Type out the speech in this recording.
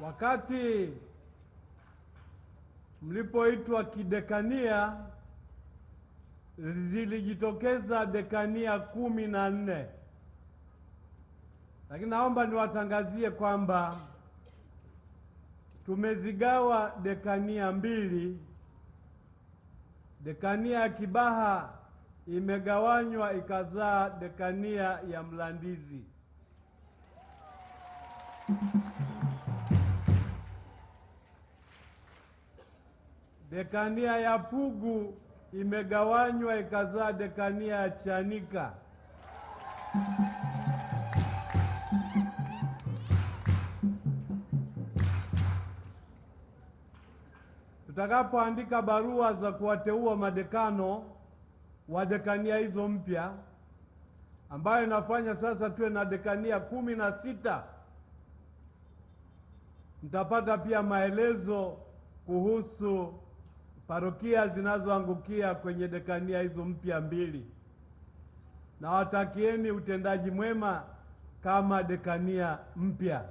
Wakati mlipoitwa kidekania, zilijitokeza dekania kumi na nne, lakini naomba niwatangazie kwamba tumezigawa dekania mbili. Dekania ya Kibaha imegawanywa ikazaa dekania ya Mlandizi. Dekania ya Pugu imegawanywa ikazaa dekania ya Chanika. Tutakapoandika barua za kuwateua madekano wa dekania hizo mpya, ambayo inafanya sasa tuwe na dekania kumi na sita, mtapata pia maelezo kuhusu parokia zinazoangukia kwenye dekania hizo mpya mbili, na watakieni utendaji mwema kama dekania mpya.